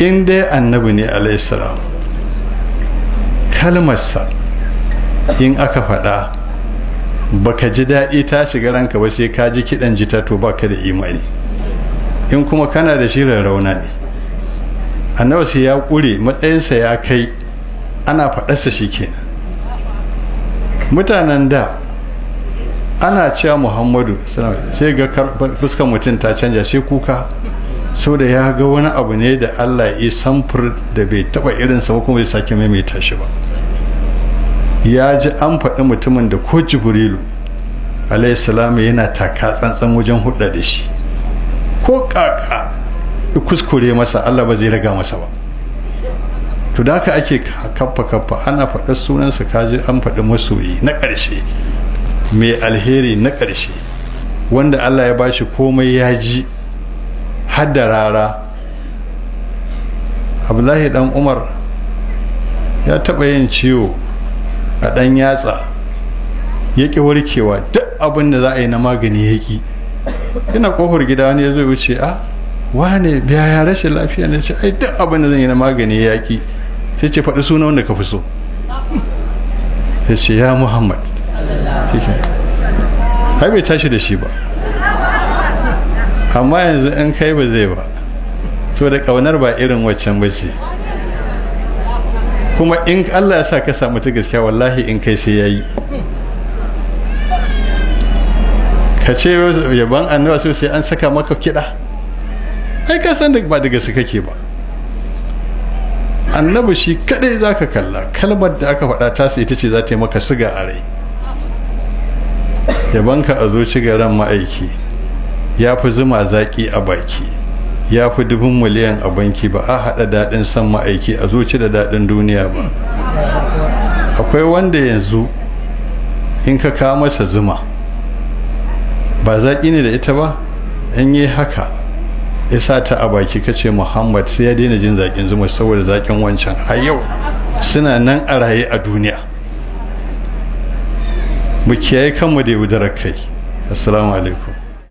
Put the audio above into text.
in dai annabi ne alaihissalam kalmarsa in aka faɗa baka ji daɗi ta shiga ranka ba sai ka ji kiɗan jita to baka da imani in kuma kana da shirin rauna ne annabi sai ya ƙure matsayinsa ya kai ana faɗarsa shi kenan mutanen da ana cewa muhammadu sai ga fuskar mutum ta canja sai kuka so da ya ga wani abu ne da Allah ya samfur da bai taba irin sa kuma bai sake maimaita shi ba ya ji an faɗi mutumin da ko jibrilu alaihissalam yana taka tsantsan wajen hudda da shi ko kaka kuskure masa Allah ba zai raga masa ba to da haka ake kaffa kaffa ana faɗa sunansa kaji an faɗi masoyi na ƙarshe mai alheri na ƙarshe wanda Allah ya bashi komai ya ji Hadda rara abdullahi dan umar ya taɓa yin ciwo a ɗan yatsa ya ki warkewa duk abin da za a yi na magani ya ki ina kofar gida wani ya zo wuce a ah, wane biya ya rashin lafiya na ce ai duk abin da zan yi na magani ya ki sai ce faɗi suna wanda ka fi so sai ce ya muhammad har bai tashi da shi ba amma yanzu in kai ba zai ba so da ƙaunar ba irin waccan ba ce kuma in allah ya sa ka samu ta gaskiya wallahi in kai sai ya yi ka ce yaban annawa so sai an saka maka kiɗa ai ka san da ba daga su kake ba annabi shi kaɗai za ka kalla kalmar da aka faɗa tasa ita ce za ta yi maka siga a rai Yaban ka a zuci ga ran ma'aiki ya fi zuma zaƙi a baki ya fi dubin miliyan a banki ba a haɗa daɗin san ma'aiki a zuci da daɗin duniya ba akwai wanda yanzu in ka kawo masa zuma ba zaƙi ne da ita ba in yi haka ya sa ta a baki ka ce muhammad sai ya daina jin zaƙin zuma saboda zaƙin wancan a yau suna nan a raye a duniya mu kiyaye kanmu da yaudarar kai assalamu alaikum